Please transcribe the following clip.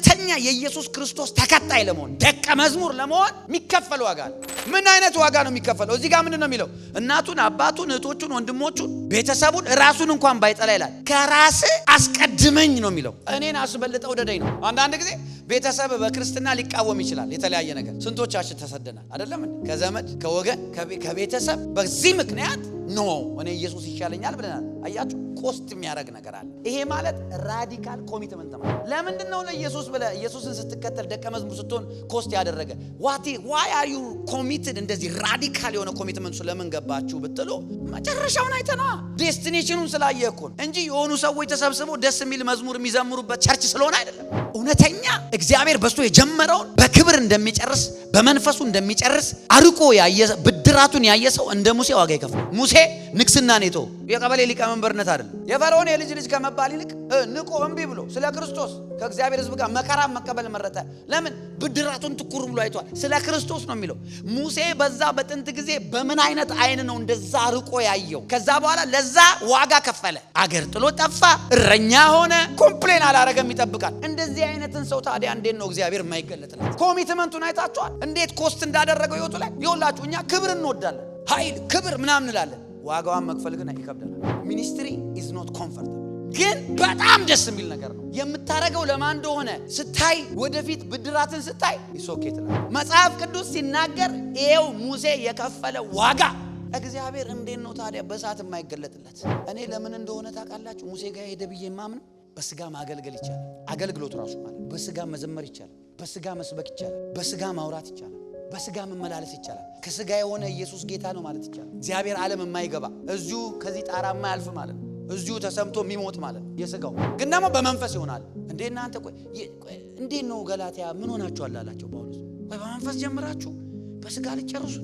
እውነተኛ የኢየሱስ ክርስቶስ ተከታይ ለመሆን ደቀ መዝሙር ለመሆን የሚከፈል ዋጋ ነው። ምን አይነት ዋጋ ነው የሚከፈለው? እዚህ ጋር ምንድን ነው የሚለው? እናቱን፣ አባቱን፣ እህቶቹን፣ ወንድሞቹን፣ ቤተሰቡን ራሱን እንኳን ባይጠላ ይላል ከራስ አስቀድመኝ ነው የሚለው። እኔን አስበልጠው ደደኝ ነው። አንዳንድ ጊዜ ቤተሰብ በክርስትና ሊቃወም ይችላል። የተለያየ ነገር ስንቶቻችን ተሰደናል አይደለም? ከዘመድ ከወገን ከቤተሰብ በዚህ ምክንያት ኖ እኔ ኢየሱስ ይሻለኛል ብለናል። አያችሁ ኮስት የሚያደርግ ነገር አለ። ይሄ ማለት ራዲካል ኮሚትመንት ማለት ለምንድን ነው? ለኢየሱስ ብለ ኢየሱስን ስትከተል ደቀ መዝሙር ስትሆን ኮስት ያደረገ ዋቴ ዋይ አር ዩ ኮሚትድ እንደዚህ ራዲካል የሆነ ኮሚትመንቱ ለምን ገባችሁ ብትሉ መጨረሻውን አይተነዋ ዴስቲኔሽኑን ስላየ እኮ ነው እንጂ የሆኑ ሰዎች ተሰብስበው ደስ የሚል መዝሙር የሚዘምሩበት ቸርች ስለሆነ አይደለም። እውነተኛ እግዚአብሔር በሱ የጀመረውን በክብር እንደሚጨርስ በመንፈሱ እንደሚጨርስ አርቆ ያየ ብድራቱን ያየ ሰው እንደ ሙሴ ዋጋ ይከፍል። ሙሴ ንግስና ኔቶ የቀበሌ ሊቀመንበርነት አይደለም። የፈርዖን የልጅ ልጅ ከመባል ይልቅ ንቆ እምቢ ብሎ ስለ ክርስቶስ ከእግዚአብሔር ሕዝብ ጋር መከራ መቀበል መረጠ። ለምን? ብድራቱን ትኩር ብሎ አይቷል። ስለ ክርስቶስ ነው የሚለው። ሙሴ በዛ በጥንት ጊዜ በምን አይነት አይን ነው እንደዛ ርቆ ያየው? ከዛ በኋላ ለ ለዛ ዋጋ ከፈለ። አገር ጥሎ ጠፋ፣ እረኛ ሆነ። ኮምፕሌን አላረገም፣ ይጠብቃል። እንደዚህ አይነትን ሰው ታዲያ እንዴት ነው እግዚአብሔር የማይገለጥለት? ኮሚትመንቱን አይታችኋል? እንዴት ኮስት እንዳደረገው ህይወቱ ላይ ይወላችሁ። እኛ ክብር እንወዳለን፣ ኃይል ክብር ምናምን እንላለን። ዋጋዋን መክፈል ግን ይከብደናል። ሚኒስትሪ ኢዝ ኖት ኮንፈርት ግን በጣም ደስ የሚል ነገር ነው። የምታረገው ለማን እንደሆነ ስታይ፣ ወደፊት ብድራትን ስታይ ይሶኬት መጽሐፍ ቅዱስ ሲናገር ይኸው ሙሴ የከፈለ ዋጋ እግዚአብሔር እንዴት ነው ታዲያ በእሳት የማይገለጥለት? እኔ ለምን እንደሆነ ታውቃላችሁ? ሙሴ ጋር ሄደ ብዬ ማምን በስጋ ማገልገል ይቻላል። አገልግሎት ራሱ ማለት በስጋ መዘመር ይቻላል፣ በስጋ መስበክ ይቻላል፣ በስጋ ማውራት ይቻላል፣ በስጋ መመላለስ ይቻላል። ከስጋ የሆነ ኢየሱስ ጌታ ነው ማለት ይቻላል። እግዚአብሔር ዓለም የማይገባ እዚሁ ከዚህ ጣራ የማያልፍ ማለት ነው እዚሁ ተሰምቶ የሚሞት ማለት ነው። የስጋው ግን ደግሞ በመንፈስ ይሆናል እንዴ እናንተ። እንዴት ነው ገላትያ ምን ሆናችኋል አላቸው ጳውሎስ። ወይ በመንፈስ ጀምራችሁ በስጋ ልጨርሱ